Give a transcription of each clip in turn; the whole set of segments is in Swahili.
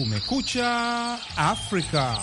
Kumekucha Afrika.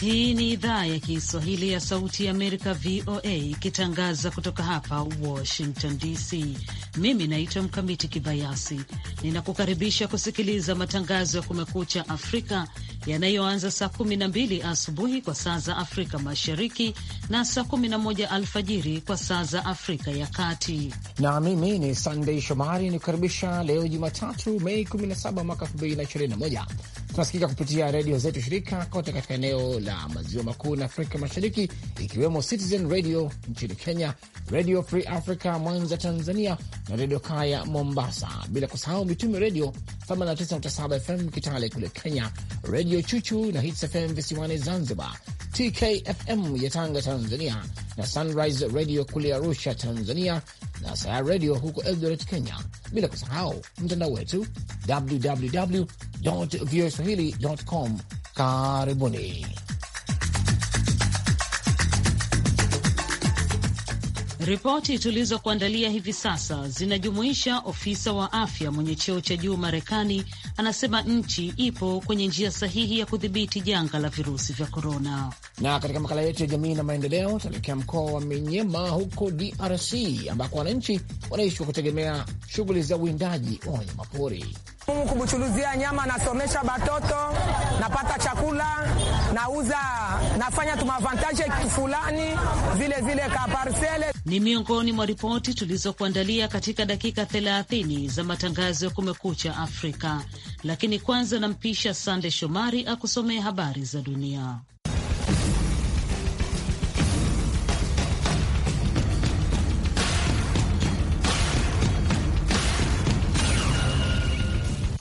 Hii ni idhaa ya Kiswahili ya Sauti ya Amerika, VOA, ikitangaza kutoka hapa Washington DC. Mimi naitwa Mkamiti Kibayasi, ninakukaribisha kusikiliza matangazo ya Kumekucha Afrika yanayoanza saa mbili asubuhi kwa saa za Afrika Mashariki na saa moja alfajiri kwa saa za Afrika ya Kati. Na mimi ni Sandei Shomari nikukaribisha leo Jumatatu, Mei 17 mwaka 2021. Tunasikika kupitia redio zetu shirika kote katika eneo la maziwa makuu na Afrika Mashariki, ikiwemo Citizen Radio nchini Kenya, Radio Free Africa Mwanza Tanzania, na Redio Kaya Mombasa, bila kusahau Mitume Redio 89.7 FM Kitale kule Kenya, redio Chuchu na Hits FM visiwani Zanzibar, TKFM ya Tanga Tanzania, na Sunrise redio kule Arusha Tanzania, na Sayari redio huko Eldoret Kenya, bila kusahau mtandao wetu www voaswahili.com. Karibuni. Ripoti tulizokuandalia hivi sasa zinajumuisha ofisa wa afya mwenye cheo cha juu Marekani anasema nchi ipo kwenye njia sahihi ya kudhibiti janga la virusi vya korona. Na katika makala yetu ya jamii na maendeleo, tunaelekea mkoa wa Menyema huko DRC ambako wananchi wanaishi kwa kutegemea shughuli za uwindaji wa wanyamapori. Mungu kubuchuluzia nyama, nasomesha batoto, napata chakula, nauza, nafanya tumavantaje fulani, vilevile kaparsele ni miongoni mwa ripoti tulizokuandalia katika dakika 30 za matangazo ya Kumekucha Afrika, lakini kwanza nampisha Sande Shomari akusomee habari za dunia.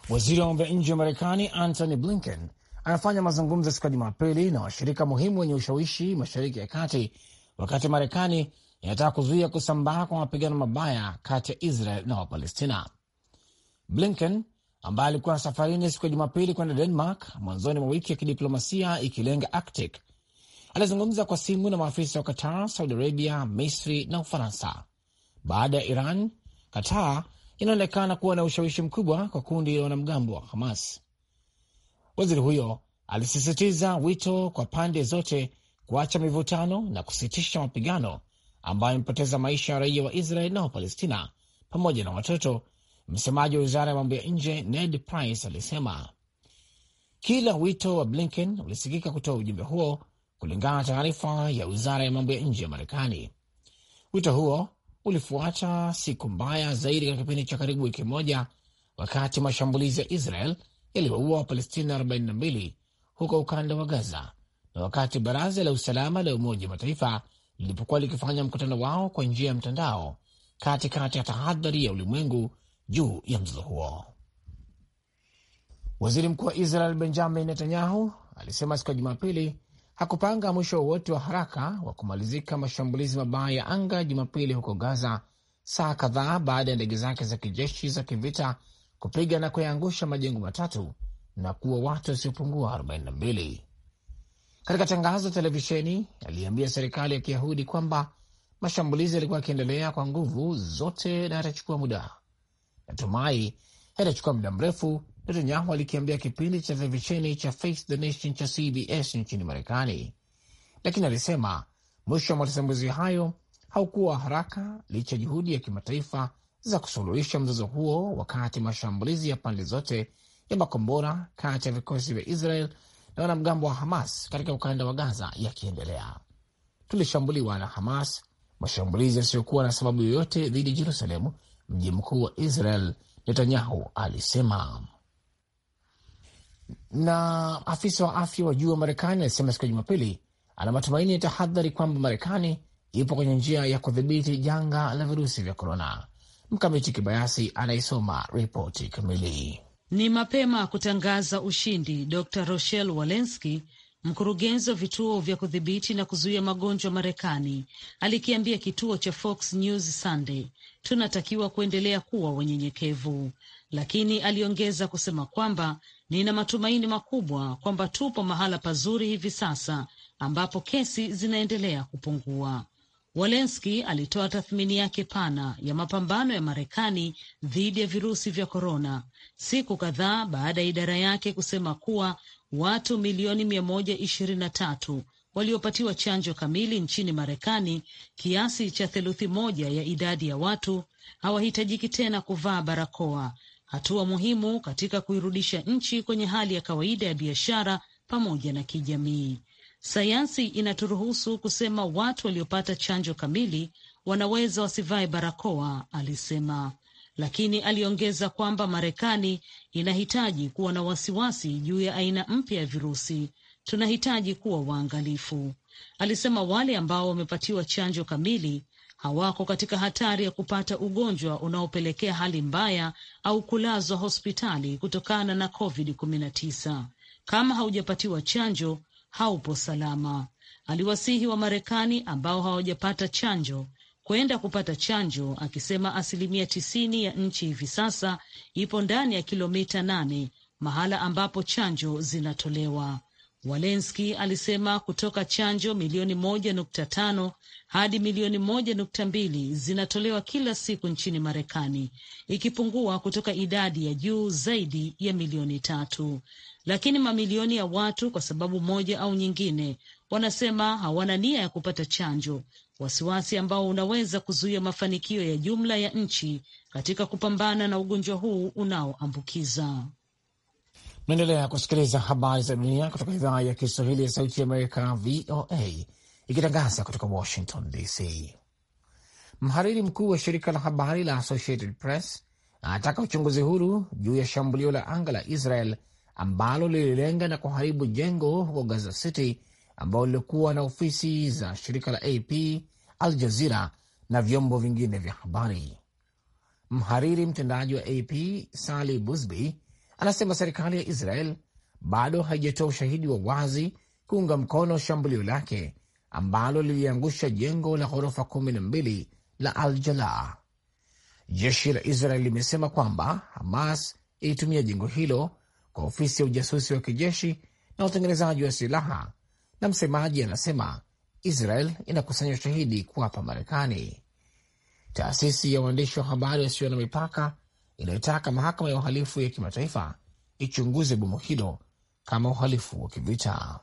Waziri wa mambo ya nje wa Marekani Antony Blinken anafanya mazungumzo siku ya Jumapili na washirika muhimu wenye ushawishi mashariki ya kati, wakati Marekani yanataka kuzuia kusambaa kwa mapigano mabaya kati ya Israel na Wapalestina. Blinken ambaye alikuwa safarini siku ya Jumapili kwenda Denmark mwanzoni mwa wiki ya kidiplomasia ikilenga Arctic alizungumza kwa simu na maafisa wa Qatar, Saudi Arabia, Misri na Ufaransa. Baada ya Iran, Qatar inaonekana kuwa na ushawishi mkubwa kwa kundi la wanamgambo wa Hamas. Waziri huyo alisisitiza wito kwa pande zote kuacha mivutano na kusitisha mapigano ambayo imepoteza maisha ya raia wa Israel na Wapalestina pamoja na watoto. Msemaji wa wizara ya mambo ya nje Ned Price alisema kila wito wa Blinken ulisikika kutoa ujumbe huo, kulingana na taarifa ya wizara ya mambo ya nje ya Marekani. Wito huo ulifuata siku mbaya zaidi katika kipindi cha karibu wiki moja, wakati mashambulizi ya Israel yaliwaua Wapalestina 42 huko ukanda wa Gaza na wakati baraza la usalama la Umoja wa Mataifa lilipokuwa likifanya mkutano wao kwa njia ya mtandao katikati ya tahadhari ya ulimwengu juu ya mzozo huo. Waziri mkuu wa Israel Benjamin Netanyahu alisema siku ya Jumapili hakupanga mwisho wowote wa haraka wa kumalizika mashambulizi mabaya ya anga Jumapili huko Gaza, saa kadhaa baada ya ndege zake za kijeshi za kivita kupiga na kuyaangusha majengo matatu na kuwa watu wasiopungua 42. Katika tangazo la televisheni aliambia serikali ya Kiyahudi kwamba mashambulizi yalikuwa yakiendelea kwa nguvu zote na yatachukua muda. Natumai yatachukua muda mrefu, Netanyahu alikiambia kipindi cha televisheni cha Face the Nation cha CBS nchini Marekani, lakini alisema mwisho wa mashambulizi hayo haukuwa haraka licha juhudi ya kimataifa za kusuluhisha mzozo huo, wakati mashambulizi ya pande zote ya makombora kati ya vikosi vya Israel na wanamgambo wa Hamas katika ukanda wa Gaza yakiendelea. Tulishambuliwa na Hamas, mashambulizi yasiyokuwa na sababu yoyote dhidi ya Jerusalemu, mji mkuu wa Israel, Netanyahu alisema. Na afisa wa afya wa juu wa Marekani alisema siku ya Jumapili ana matumaini ya tahadhari kwamba Marekani ipo kwenye njia ya kudhibiti janga la virusi vya korona. Mkamiti Kibayasi anaisoma ripoti kamili. Ni mapema kutangaza ushindi. Dr Rochelle Walensky, mkurugenzi wa vituo vya kudhibiti na kuzuia magonjwa Marekani, alikiambia kituo cha Fox News Sunday, tunatakiwa kuendelea kuwa wenyenyekevu, lakini aliongeza kusema kwamba nina matumaini makubwa kwamba tupo mahala pazuri hivi sasa ambapo kesi zinaendelea kupungua. Walensky alitoa tathmini yake pana ya mapambano ya Marekani dhidi ya virusi vya korona siku kadhaa baada ya idara yake kusema kuwa watu milioni mia moja ishirini na tatu waliopatiwa chanjo kamili nchini Marekani, kiasi cha theluthi moja ya idadi ya watu, hawahitajiki tena kuvaa barakoa, hatua muhimu katika kuirudisha nchi kwenye hali ya kawaida ya biashara pamoja na kijamii. Sayansi inaturuhusu kusema watu waliopata chanjo kamili wanaweza wasivae barakoa, alisema. Lakini aliongeza kwamba Marekani inahitaji kuwa na wasiwasi juu ya aina mpya ya virusi. Tunahitaji kuwa waangalifu, alisema. Wale ambao wamepatiwa chanjo kamili hawako katika hatari ya kupata ugonjwa unaopelekea hali mbaya au kulazwa hospitali kutokana na COVID-19. Kama haujapatiwa chanjo, haupo salama. Aliwasihi wa marekani ambao hawajapata chanjo kwenda kupata chanjo, akisema asilimia tisini ya nchi hivi sasa ipo ndani ya kilomita nane mahala ambapo chanjo zinatolewa. Walenski alisema kutoka chanjo milioni moja nukta tano hadi milioni moja nukta mbili zinatolewa kila siku nchini Marekani, ikipungua kutoka idadi ya juu zaidi ya milioni tatu lakini mamilioni ya watu kwa sababu moja au nyingine wanasema hawana nia ya kupata chanjo, wasiwasi ambao unaweza kuzuia mafanikio ya jumla ya nchi katika kupambana na ugonjwa huu unaoambukiza. Naendelea kusikiliza habari za dunia kutoka idhaa ya Kiswahili ya Sauti ya Amerika, VOA, ikitangaza kutoka Washington DC. Mhariri mkuu wa shirika la habari la Associated Press anataka uchunguzi huru juu ya shambulio la anga la Israel ambalo lililenga na kuharibu jengo huko Gaza City ambalo lilikuwa na ofisi za shirika la AP, Al Jazeera na vyombo vingine vya habari. Mhariri mtendaji wa AP Sali Busby anasema serikali ya Israel bado haijatoa ushahidi wa wazi kuunga mkono shambulio lake ambalo liliangusha jengo la ghorofa kumi na mbili la Al Jalaa. Jeshi la Israel limesema kwamba Hamas ilitumia jengo hilo kwa ofisi ya ujasusi wa kijeshi na utengenezaji wa silaha, na msemaji anasema Israel inakusanya ushahidi kuwapa Marekani. Taasisi ya waandishi wa habari wasio na mipaka inayotaka mahakama ya uhalifu ya kimataifa ichunguze bomu hilo kama uhalifu wa kivita.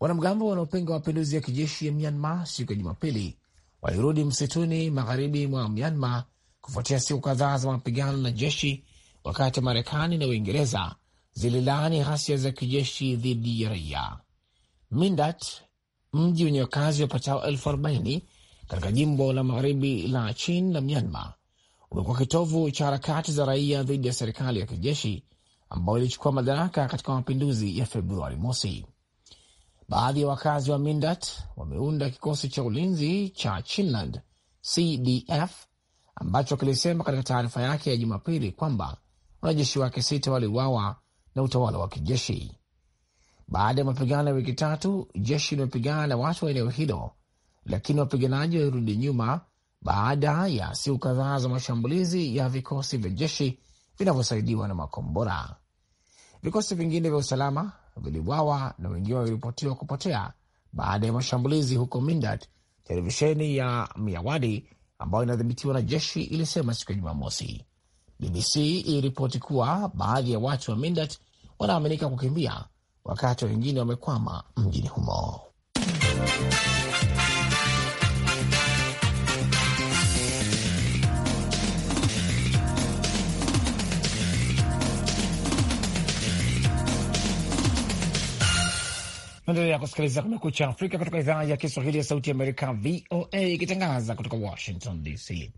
Wanamgambo wanaopinga mapinduzi ya kijeshi ya Myanmar siku ya Jumapili walirudi msituni magharibi mwa Myanmar kufuatia siku kadhaa za mapigano na jeshi wakati Marekani na Uingereza zililaani ghasia za kijeshi dhidi ya raia. Mindat, mji wenye wakazi wapatao elfu arobaini katika jimbo la magharibi la Chin la Myanmar, umekuwa kitovu cha harakati za raia dhidi ya serikali ya kijeshi ambayo ilichukua madaraka katika mapinduzi ya Februari mosi. Baadhi ya wakazi wa Mindat wameunda kikosi cha ulinzi cha Chinland CDF ambacho kilisema katika taarifa yake ya Jumapili kwamba wanajeshi wake sita waliuawa na utawala wa kijeshi. Baada ya mapigano ya wiki tatu, jeshi limepigana na watu wa eneo hilo, lakini wapiganaji walirudi nyuma baada ya siku kadhaa za mashambulizi ya vikosi vya jeshi vinavyosaidiwa na makombora. Vikosi vingine vya usalama viliwawa na wengine waliripotiwa kupotea baada ya mashambulizi huko Mindat. Televisheni ya Miawadi ambayo inadhibitiwa na jeshi ilisema siku ya Jumamosi. BBC iliripoti kuwa baadhi ya watu wa Mindat wanaaminika kukimbia wakati wengine wamekwama mjini humo. Endelea kusikiliza Kumekucha Afrika kutoka idhaa ya Kiswahili ya Sauti ya Amerika, VOA, ikitangaza kutoka Washington DC.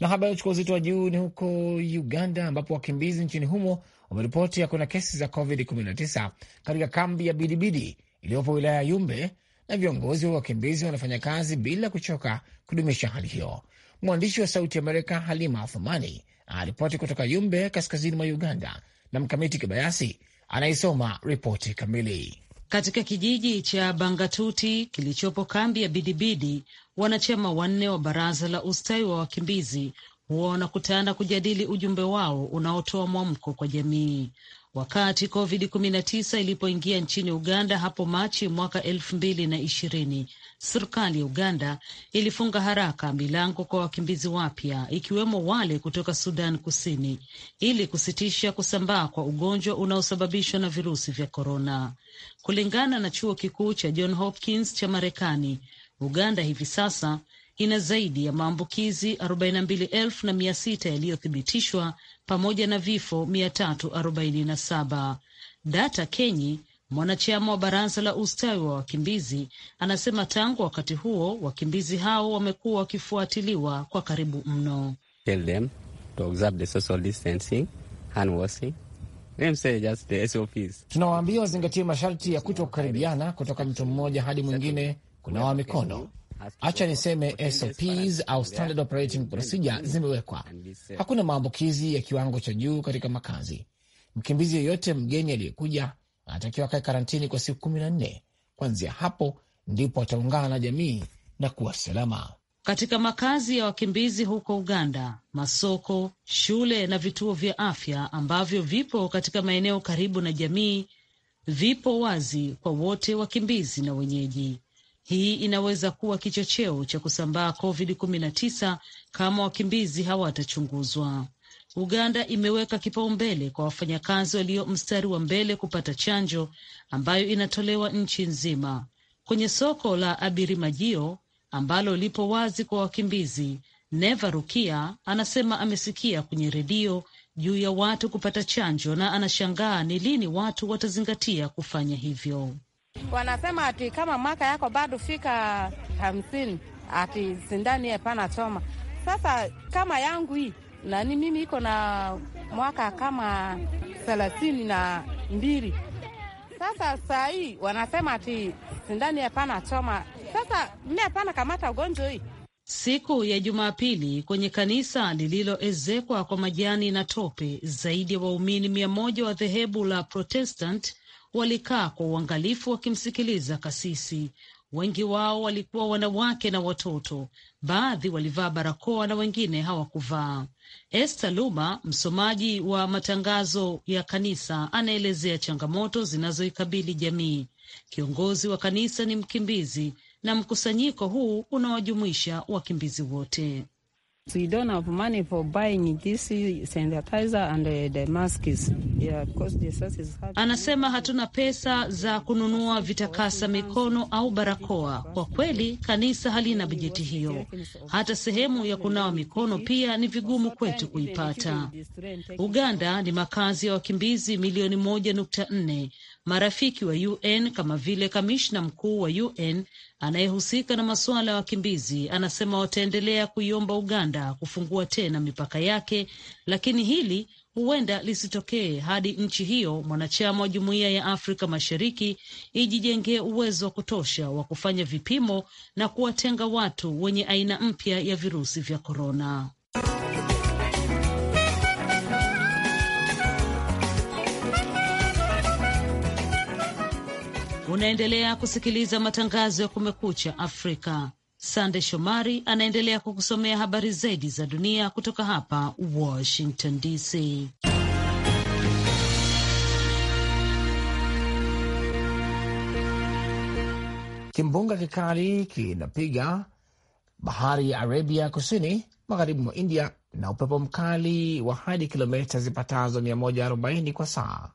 Na habari uchukua uzito wa juu ni huko Uganda, ambapo wakimbizi nchini humo wameripoti hakuna kesi za COVID-19 katika kambi ya Bidibidi iliyopo wilaya ya Yumbe, na viongozi wa wakimbizi wanafanya kazi bila kuchoka kudumisha hali hiyo. Mwandishi wa Sauti Amerika Halima Athumani aripoti kutoka Yumbe, kaskazini mwa Uganda, na Mkamiti Kibayasi anaisoma ripoti kamili. Katika kijiji cha Bangatuti kilichopo kambi ya Bidibidi, wanachama wanne wa baraza la ustawi wa wakimbizi huwa wanakutana kujadili ujumbe wao unaotoa mwamko kwa jamii wakati COVID-19 ilipoingia nchini Uganda hapo Machi mwaka elfu mbili na ishirini. Serikali ya Uganda ilifunga haraka milango kwa wakimbizi wapya ikiwemo wale kutoka Sudan Kusini ili kusitisha kusambaa kwa ugonjwa unaosababishwa na virusi vya korona. Kulingana na chuo kikuu cha John Hopkins cha Marekani, Uganda hivi sasa ina zaidi ya maambukizi 42,600 yaliyothibitishwa pamoja na vifo 347. Data Kenyi, mwanachama wa baraza la ustawi wa wakimbizi, anasema tangu wakati huo wakimbizi hao wamekuwa wakifuatiliwa kwa karibu mno. Tunawaambia wazingatie masharti ya kuto kukaribiana kutoka mtu mmoja hadi mwingine, kunawa mikono acha niseme SOPs au standard operating procedure zimewekwa. Hakuna maambukizi ya kiwango cha juu katika makazi. Mkimbizi yeyote mgeni aliyekuja anatakiwa kae karantini kwa siku kumi na nne. kwanzia hapo ndipo ataungana na jamii na kuwa salama katika makazi ya wakimbizi huko Uganda, masoko, shule na vituo vya afya ambavyo vipo katika maeneo karibu na jamii vipo wazi kwa wote, wakimbizi na wenyeji. Hii inaweza kuwa kichocheo cha kusambaa COVID-19 kama wakimbizi hawatachunguzwa. Uganda imeweka kipaumbele kwa wafanyakazi walio mstari wa mbele kupata chanjo ambayo inatolewa nchi nzima. Kwenye soko la Abirimajio ambalo lipo wazi kwa wakimbizi, Neva Rukia anasema amesikia kwenye redio juu ya watu kupata chanjo na anashangaa ni lini watu watazingatia kufanya hivyo. Wanasema ati kama mwaka yako bado fika hamsini, ati sindani hapana choma. Sasa kama yangu hii nani, mimi iko na mwaka kama thelathini na mbili. Sasa saa hii wanasema ati sindani hapana choma. Sasa mimi hapana kamata ugonjwa hii. Siku ya Jumapili kwenye kanisa lililoezekwa kwa majani na tope, zaidi ya wa waumini mia moja wa dhehebu la Protestant walikaa kwa uangalifu wakimsikiliza kasisi. Wengi wao walikuwa wanawake na watoto, baadhi walivaa barakoa na wengine hawakuvaa. Esther Luma, msomaji wa matangazo ya kanisa, anaelezea changamoto zinazoikabili jamii. Kiongozi wa kanisa ni mkimbizi na mkusanyiko huu unawajumuisha wakimbizi wote. So you don't have money for buying this sanitizer and uh, the masks. Yeah, because the source is hard. Anasema hatuna pesa za kununua vitakasa mikono au barakoa. Kwa kweli kanisa halina bajeti hiyo. Hata sehemu ya kunawa mikono pia ni vigumu kwetu kuipata. Uganda ni makazi ya wakimbizi milioni moja nukta nne marafiki wa UN kama vile kamishna mkuu wa UN anayehusika na masuala ya wakimbizi anasema wataendelea kuiomba Uganda kufungua tena mipaka yake, lakini hili huenda lisitokee hadi nchi hiyo mwanachama wa Jumuiya ya Afrika Mashariki ijijengee uwezo wa kutosha wa kufanya vipimo na kuwatenga watu wenye aina mpya ya virusi vya korona. Unaendelea kusikiliza matangazo ya Kumekucha Afrika. Sande Shomari anaendelea kukusomea habari zaidi za dunia kutoka hapa Washington DC. Kimbunga kikali kinapiga bahari ya Arabia kusini magharibi mwa India na upepo mkali wa hadi kilomita zipatazo 140 kwa saa.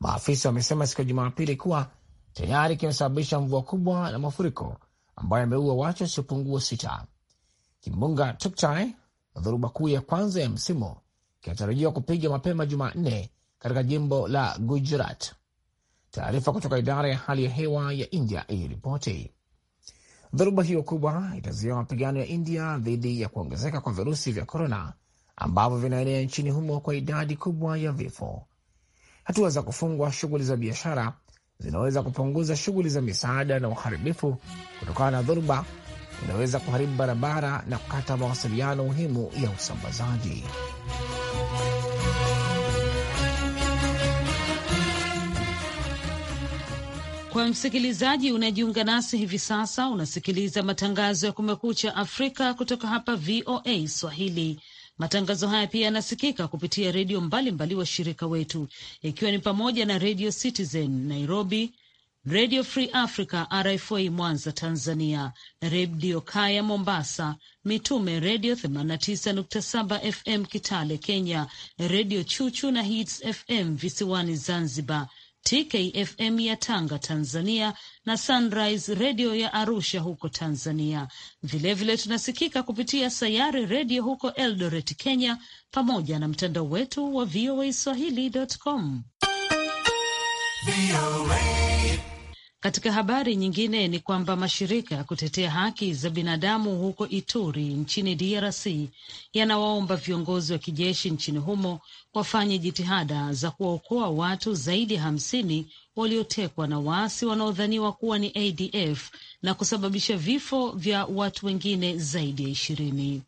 Maafisa wamesema siku ya Jumapili kuwa tayari kimesababisha mvua kubwa na mafuriko ambayo yameua watu wasiopungua sita. Kimbunga Tuktai dhoruba kuu ya kwanza ya msimu kinatarajiwa kupiga mapema Jumanne katika jimbo la Gujarat. Taarifa kutoka idara ya hali ya hewa ya India iliripoti dhoruba hiyo kubwa itazuia mapigano ya India dhidi ya kuongezeka kwa virusi vya korona ambavyo vinaenea nchini humo kwa idadi kubwa ya vifo. Hatua za kufungwa shughuli za biashara zinaweza kupunguza shughuli za misaada na uharibifu kutokana na dhoruba, inaweza kuharibu barabara na kukata mawasiliano muhimu ya usambazaji. Kwa msikilizaji unajiunga nasi hivi sasa, unasikiliza matangazo ya Kumekucha Afrika kutoka hapa VOA Swahili. Matangazo haya pia yanasikika kupitia redio mbalimbali washirika wetu, ikiwa ni pamoja na redio Citizen Nairobi, redio Free Africa RFA Mwanza Tanzania, redio Kaya Mombasa, Mitume redio 89.7 FM Kitale Kenya, redio Chuchu na Hits FM visiwani Zanzibar, TKFM ya Tanga, Tanzania na Sunrise redio ya Arusha huko Tanzania. Vilevile vile tunasikika kupitia Sayari redio huko Eldoret, Kenya, pamoja na mtandao wetu wa VOA swahili.com. Katika habari nyingine ni kwamba mashirika ya kutetea haki za binadamu huko Ituri nchini DRC yanawaomba viongozi wa kijeshi nchini humo wafanye jitihada za kuwaokoa watu zaidi ya hamsini waliotekwa na waasi wanaodhaniwa kuwa ni ADF na kusababisha vifo vya watu wengine zaidi ya ishirini.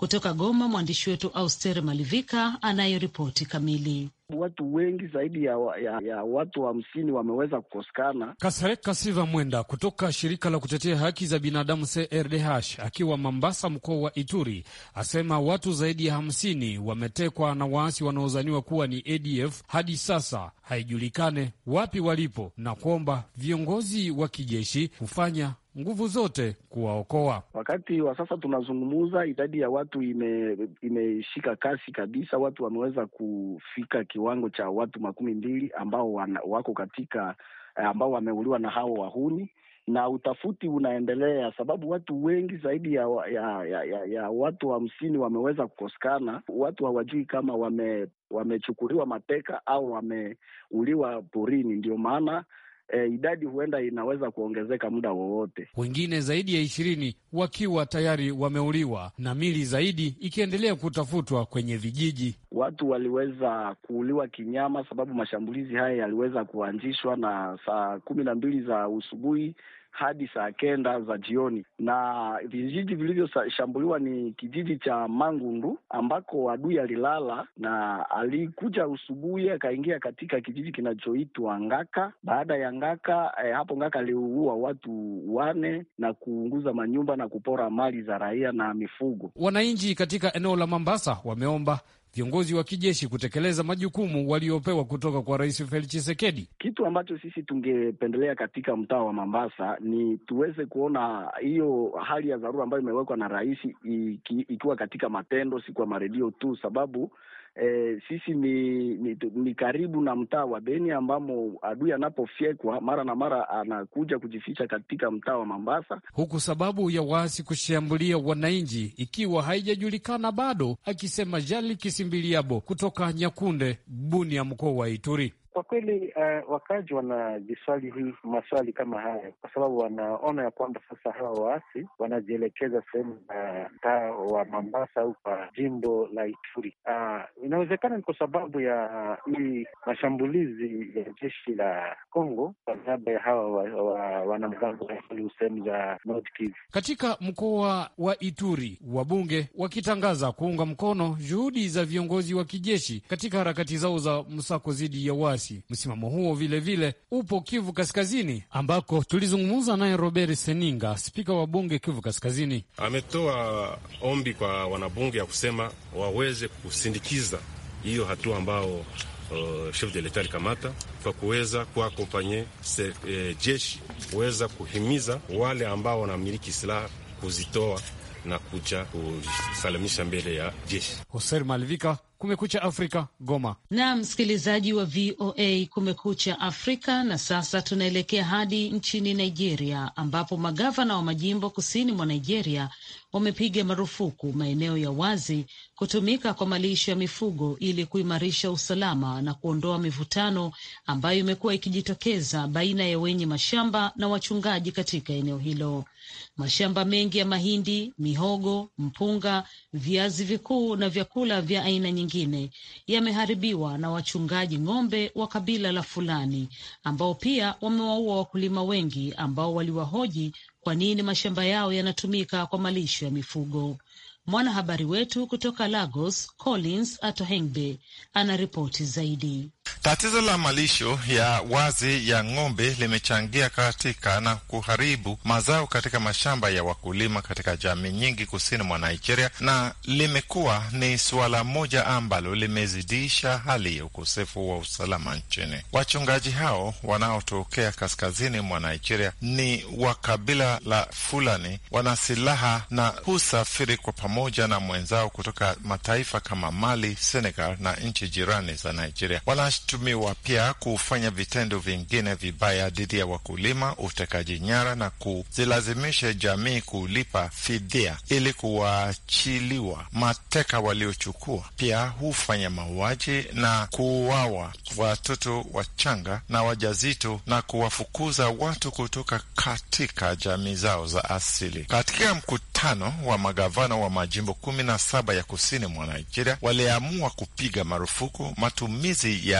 Kutoka Goma, mwandishi wetu Auster Malivika anayeripoti kamili. Watu wengi zaidi ya, ya, ya watu hamsini wa wameweza kukosekana. Kasereka Siva Mwenda kutoka shirika la kutetea haki za binadamu CRDH akiwa Mambasa, mkoa wa Ituri, asema watu zaidi ya hamsini wametekwa na waasi wanaozaniwa kuwa ni ADF. Hadi sasa haijulikane wapi walipo na kuomba viongozi wa kijeshi kufanya nguvu zote kuwaokoa. Wakati wa sasa tunazungumuza, idadi ya watu ime, imeshika kasi kabisa. Watu wameweza kufika kiwango cha watu makumi mbili ambao wana, wako katika eh, ambao wameuliwa na hao wahuni na utafuti unaendelea, sababu watu wengi zaidi ya, ya, ya, ya, ya watu hamsini wa wameweza kukosekana. Watu hawajui wa kama wame wamechukuliwa mateka au wameuliwa porini. Ndio maana e, idadi huenda inaweza kuongezeka muda wowote, wengine zaidi ya ishirini wakiwa tayari wameuliwa na mili zaidi ikiendelea kutafutwa kwenye vijiji. Watu waliweza kuuliwa kinyama, sababu mashambulizi haya yaliweza kuanzishwa na saa kumi na mbili za usubuhi hadi saa kenda za jioni, na vijiji vilivyoshambuliwa ni kijiji cha Mangundu ambako adui alilala na alikuja usubuhi akaingia katika kijiji kinachoitwa Ngaka. Baada ya Ngaka eh, hapo Ngaka aliua watu wane na kuunguza manyumba na kupora mali za raia na mifugo. Wananchi katika eneo la Mambasa wameomba viongozi wa kijeshi kutekeleza majukumu waliopewa kutoka kwa Rais Felix Tshisekedi. Kitu ambacho sisi tungependelea katika mtaa wa Mombasa ni tuweze kuona hiyo hali ya dharura ambayo imewekwa na rais iki, ikiwa katika matendo, si kwa maredio tu, sababu e, sisi ni, ni, ni karibu na mtaa wa Beni ambamo adui anapofyekwa mara na mara anakuja kujificha katika mtaa wa Mambasa, huku sababu ya waasi kushambulia wananchi ikiwa haijajulikana bado, akisema Jali Kisimbiliabo kutoka Nyakunde Bunia, mkoa wa Ituri kweli uh, wakazi wanajiswali hii maswali kama haya, kwa sababu wanaona ya kwamba sasa hawa waasi wanajielekeza sehemu uh, mtaa wa mambasa au kwa jimbo la Ituri. Uh, inawezekana ni kwa sababu ya hii mashambulizi ya jeshi la congo kwa niaba ya hawa wanamgambo wa, wa sehemu za North Kivu. Katika mkoa wa Ituri, wabunge wakitangaza kuunga mkono juhudi za viongozi wa kijeshi katika harakati zao za msako dhidi ya waasi Msimamo huo vilevile vile upo Kivu Kaskazini, ambako tulizungumza naye Robert Seninga, spika wa bunge Kivu Kaskazini. Ametoa ombi kwa wanabunge ya kusema waweze kusindikiza hiyo hatua ambao Uh, chef de leta alikamata kwa kuweza kuakompanye eh, jeshi kuweza kuhimiza wale ambao wanamiliki silaha kuzitoa na kuja kusalimisha mbele ya jeshi. Hoser malivika Kumekucha Afrika, Goma. Naam, msikilizaji wa VOA Kumekucha Afrika. Na sasa tunaelekea hadi nchini Nigeria, ambapo magavana wa majimbo kusini mwa Nigeria wamepiga marufuku maeneo ya wazi kutumika kwa malisho ya mifugo ili kuimarisha usalama na kuondoa mivutano ambayo imekuwa ikijitokeza baina ya wenye mashamba na wachungaji katika eneo hilo. Mashamba mengi ya mahindi, mihogo, mpunga, viazi vikuu na vyakula vya aina nyingine yameharibiwa na wachungaji ng'ombe wa kabila la Fulani ambao pia wamewaua wakulima wengi ambao waliwahoji kwa nini mashamba yao yanatumika kwa malisho ya mifugo. Mwanahabari wetu kutoka Lagos, Collins Atohengbe, ana ripoti zaidi. Tatizo la malisho ya wazi ya ng'ombe limechangia katika na kuharibu mazao katika mashamba ya wakulima katika jamii nyingi kusini mwa Nigeria, na limekuwa ni suala moja ambalo limezidisha hali ya ukosefu wa usalama nchini. Wachungaji hao wanaotokea kaskazini mwa Nigeria ni wa kabila la Fulani, wana silaha na husafiri kwa pamoja na mwenzao kutoka mataifa kama Mali, Senegal na nchi jirani za Nigeria. Wana anashutumiwa pia kufanya vitendo vingine vibaya dhidi ya wakulima, utekaji nyara na kuzilazimisha jamii kulipa fidia ili kuwaachiliwa mateka waliochukua. Pia hufanya mauaji na kuuawa watoto wachanga na wajazito na kuwafukuza watu kutoka katika jamii zao za asili. Katika mkutano wa magavana wa majimbo kumi na saba ya kusini mwa Nigeria, waliamua kupiga marufuku matumizi ya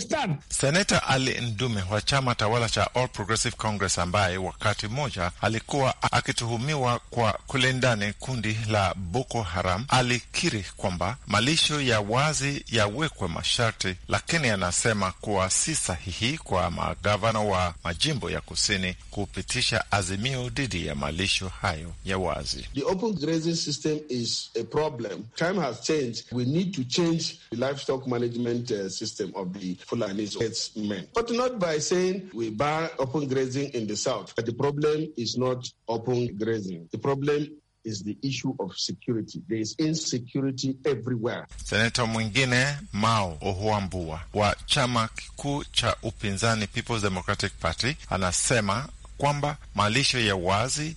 understand. Seneta Ali Ndume wa chama tawala cha All Progressive Congress, ambaye wakati mmoja alikuwa akituhumiwa kwa kulendani kundi la Boko Haram, alikiri kwamba malisho ya wazi yawekwe masharti, lakini anasema kuwa si sahihi kwa magavana wa majimbo ya kusini kupitisha azimio dhidi ya malisho hayo ya wazi. The open grazing system is a problem. Time has changed. We need to change the livestock management uh, system of the But not by saying we ban open grazing in the south. But the problem is not open grazing. The problem is the issue of security. There is insecurity everywhere. Senator mwingine Mao Ohuambua wa chama kikuu cha upinzani People's Democratic Party anasema kwamba malisho ya wazi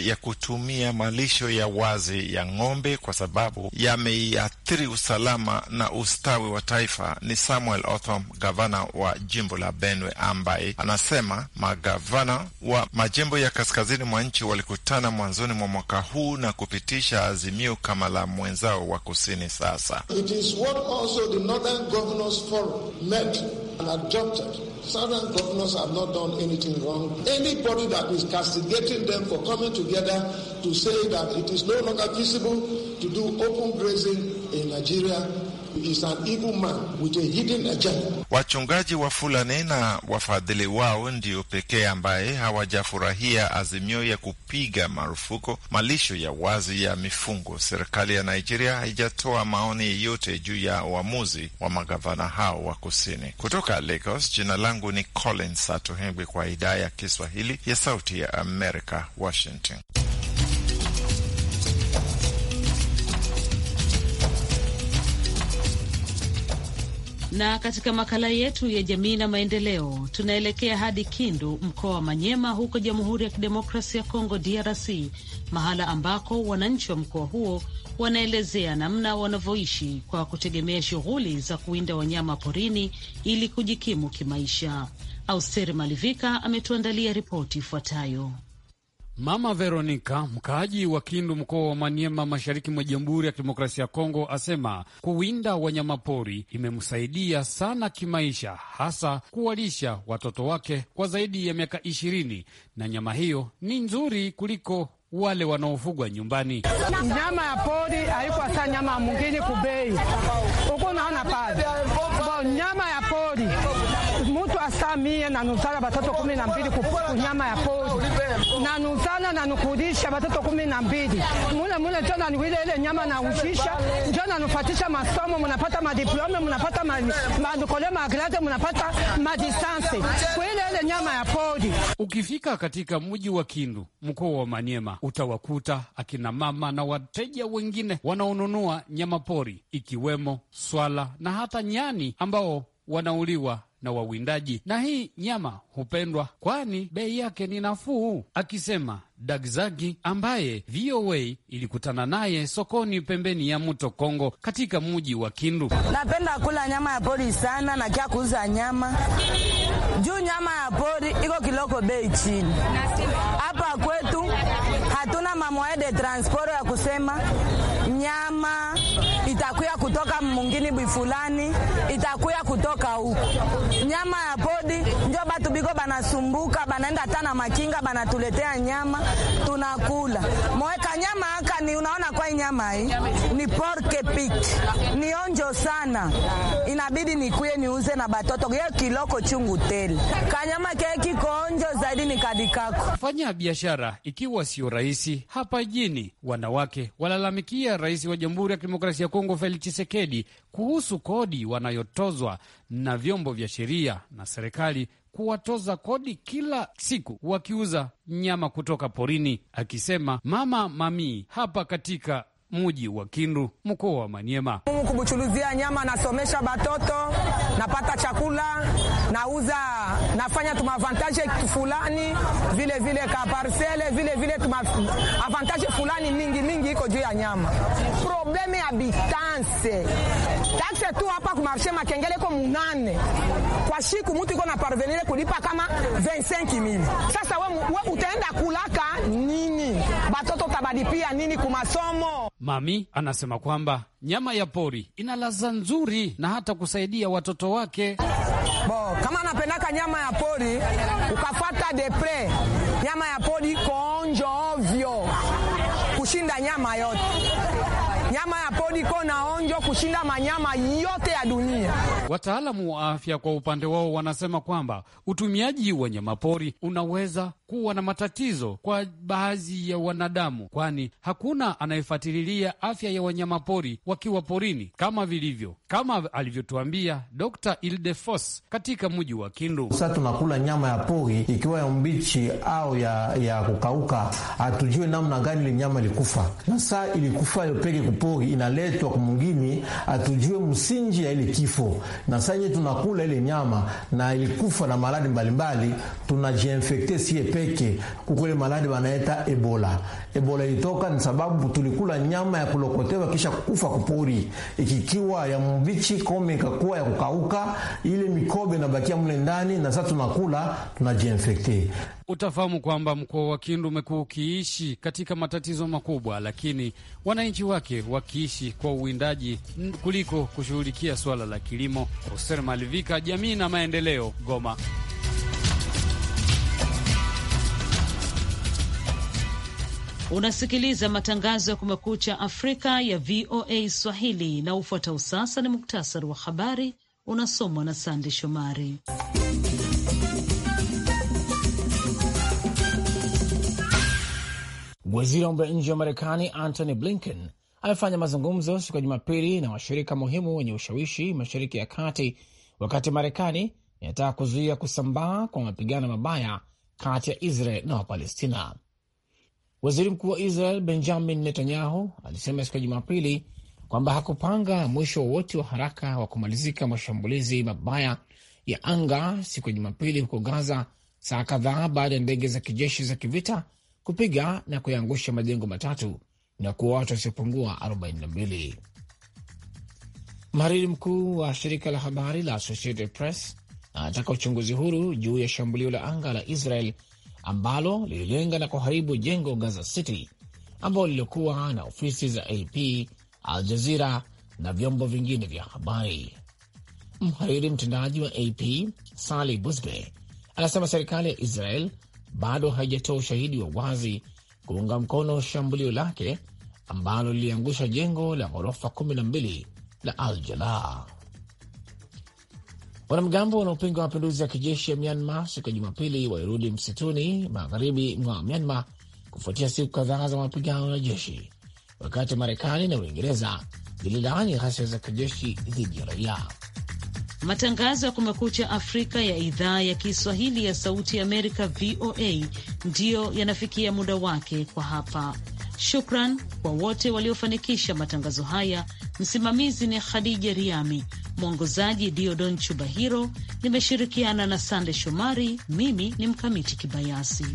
ya kutumia malisho ya wazi ya ng'ombe kwa sababu yameiathiri usalama na ustawi wa taifa. Ni Samuel othom gavana wa jimbo la Benwe, ambaye anasema magavana wa majimbo ya kaskazini mwa nchi walikutana mwanzoni mwa mwaka huu na kupitisha azimio kama la mwenzao wa kusini. Sasa It is what also the Southern governors have not done anything wrong. Anybody that is castigating them for coming together to say that it is no longer feasible to do open grazing in Nigeria is an evil man with a hidden agenda. Wachungaji wa Fulani na wafadhili wao ndio pekee ambaye hawajafurahia azimio ya kupiga marufuku malisho ya wazi ya mifungo. Serikali ya Nigeria haijatoa maoni yeyote juu ya uamuzi wa magavana hao wa kusini. Kutoka Lagos, jina langu ni Collins Satohengwi kwa idhaa ya Kiswahili ya Sauti ya Amerika, Washington. Na katika makala yetu ya jamii na maendeleo, tunaelekea hadi Kindu, mkoa wa Manyema, huko Jamhuri ya kidemokrasia ya Kongo, DRC, mahala ambako wananchi wa mkoa huo wanaelezea namna wanavyoishi kwa kutegemea shughuli za kuwinda wanyama porini ili kujikimu kimaisha. Austeri Malivika ametuandalia ripoti ifuatayo. Mama veronika mkaaji wa Kindu, mkoa wa Maniema, mashariki mwa Jamhuri ya Kidemokrasia ya Kongo, asema kuwinda wanyamapori imemsaidia sana kimaisha, hasa kuwalisha watoto wake kwa zaidi ya miaka ishirini, na nyama hiyo ni nzuri kuliko wale wanaofugwa nyumbani. Nyama ya pori haikuwa saa nyama mungine kubei uku naona pale nyama ya pori natoa saa mia nanuzala batoto kumi na mbili kunyama ya pori nanuzala nanukudisha batoto kumi na mbili mule mule njo naniwile ile nyama naushisha njo nanufatisha masomo munapata madiplome munapata madukole magrade munapata madisanse kuile ile nyama ya pori. Ukifika katika mji wa Kindu mkoa wa Maniema utawakuta akina mama na wateja wengine wanaonunua nyama pori ikiwemo swala na hata nyani ambao wanauliwa na wawindaji, na hii nyama hupendwa kwani bei yake ni nafuu, akisema Dagzagi ambaye VOA ilikutana naye sokoni pembeni ya mto Kongo katika muji wa Kindu. Napenda kula nyama ya pori sana, nakia kuuza nyama juu nyama ya pori iko kiloko bei chini. Hapa kwetu hatuna mamwae transporo ya kusema nyama itakuya kutoka mungini bifulani, itakuya kutoka huko nyama ya podi njo batu biko banasumbuka, banaenda hata na makinga banatuletea nyama tunakula. moeka nyama aka ni unaona kwa nyama hii ni porke pik ni onjo sana, inabidi nikuye niuze na batoto ye kiloko chungu tele kanyama keki konjo zaidi ni kadikako. Fanya biashara ikiwa sio rahisi hapa jini. Wanawake walalamikia rais wa Jamhuri ya Kidemokrasia ya Kongo Felix Tshisekedi kuhusu kodi wanayotozwa na vyombo vya sheria na serikali kuwatoza kodi kila siku wakiuza nyama kutoka porini, akisema Mama Mamii hapa katika mji wa Kindu, mkoa wa Maniema. Kubuchuluzia nyama, nasomesha batoto, napata chakula, nauza, nafanya tumavantaje fulani, vile vile parsele vile vile avantage fulani mingi mingi iko juu ya nyama. Probleme ya bitanse takse tu hapa kumarshe makengele iko munane kwa shiku, mutu iko na parvenire kulipa kama 25 mili. Sasa we, we utaenda kulaka nini batoto itabadi pia nini kumasomo. Mami anasema kwamba nyama ya pori ina ladha nzuri na hata kusaidia watoto wake. Bo, kama anapendaka nyama ya pori ukafata depre, nyama ya pori konjo ovyo kushinda nyama yote. Nyama ya pori kona onjo kushinda manyama yote ya dunia. Wataalamu wa afya kwa upande wao wanasema kwamba utumiaji wa nyama pori unaweza kuwa na matatizo kwa baadhi ya wanadamu, kwani hakuna anayefatililia afya ya wanyamapori wakiwa porini kama vilivyo, kama alivyotuambia Dr. Ildefos katika mji wa Kindu. Sasa tunakula nyama ya pori ikiwa ya mbichi au ya, ya kukauka, hatujue namna gani ile nyama ilikufa, na saa ilikufa yopeke kupori inaletwa kumungini, hatujue msingi ya ile kifo, na saa yenye tunakula ile nyama na ilikufa na maradhi mbalimbali, tunajiinfekte sie peke kukule maladi wanaeta Ebola. Ebola ilitoka ni sababu tulikula nyama ya kulokotewa kisha kufa kupori, ikikiwa ya mbichi kome ikakuwa ya kukauka, ile mikobe inabakia mle ndani, na sasa tunakula tunajiinfekte. Utafahamu kwamba mkoa wa Kindu umekuwa ukiishi katika matatizo makubwa, lakini wananchi wake wakiishi kwa uwindaji kuliko kushughulikia swala la kilimo. Hoser Malivika, jamii na maendeleo, Goma. Unasikiliza matangazo ya Kumekucha Afrika ya VOA Swahili, na ufuatao sasa ni muktasari wa habari unasomwa na Sande Shomari. Waziri wa mambo ya nje wa Marekani Antony Blinken amefanya mazungumzo siku ya Jumapili na washirika muhimu wenye ushawishi mashariki ya kati, wakati Marekani inataka kuzuia kusambaa kwa mapigano mabaya kati ya Israel na Wapalestina. Waziri mkuu wa Israel Benjamin Netanyahu alisema siku ya Jumapili kwamba hakupanga mwisho wowote wa haraka wa kumalizika mashambulizi mabaya ya anga siku ya Jumapili huko Gaza, saa kadhaa baada ya ndege za kijeshi za kivita kupiga na kuyaangusha majengo matatu na kuwa watu wasiopungua 42. Mhariri mkuu wa shirika la habari la Associated Press anataka uchunguzi huru juu ya shambulio la anga la Israel ambalo lililenga na kuharibu jengo Gaza City ambalo lilikuwa na ofisi za AP, Al Jazeera na vyombo vingine vya habari. Mhariri mtendaji wa AP Sali Busbe anasema serikali ya Israel bado haijatoa ushahidi wa wazi kuunga mkono shambulio lake ambalo liliangusha jengo la ghorofa 12 la Al Jalaa. Wanamgambo wanaopinga mapinduzi ya kijeshi ya Myanmar siku ya Jumapili walirudi msituni magharibi mwa Myanmar kufuatia siku kadhaa za mapigano ya jeshi, wakati Marekani na Uingereza zililaani ghasia za kijeshi dhidi ya raia. Matangazo ya Kumekucha Afrika ya idhaa ya Kiswahili ya Sauti ya Amerika, VOA, ndiyo yanafikia muda wake kwa hapa. Shukran kwa wote waliofanikisha matangazo haya. Msimamizi ni Khadija Riami, Mwongozaji Diodon Chubahiro, nimeshirikiana na Sande Shomari. Mimi ni Mkamiti Kibayasi.